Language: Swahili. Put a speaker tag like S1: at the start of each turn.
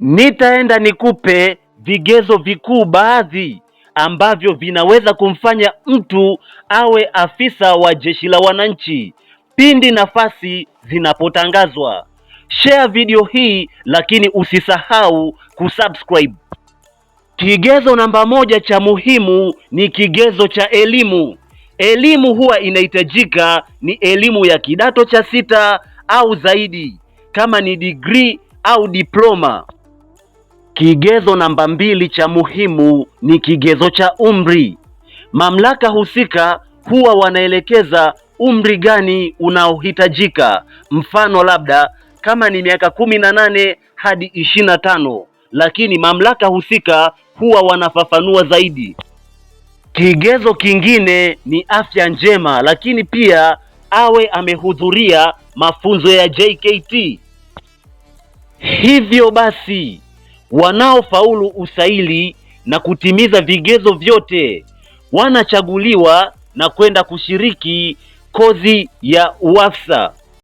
S1: Nitaenda nikupe vigezo vikuu baadhi ambavyo vinaweza kumfanya mtu awe afisa wa Jeshi la Wananchi pindi nafasi zinapotangazwa. Share video hii lakini usisahau kusubscribe. Kigezo namba moja cha muhimu ni kigezo cha elimu. Elimu huwa inahitajika ni elimu ya kidato cha sita au zaidi, kama ni degree au diploma. Kigezo namba mbili cha muhimu ni kigezo cha umri. Mamlaka husika huwa wanaelekeza umri gani unaohitajika. Mfano, labda kama ni miaka kumi na nane hadi ishirini na tano, lakini mamlaka husika huwa wanafafanua zaidi. Kigezo kingine ni afya njema, lakini pia awe amehudhuria mafunzo ya JKT. Hivyo basi wanaofaulu usaili na kutimiza vigezo vyote wanachaguliwa na kwenda kushiriki kozi ya UWASA.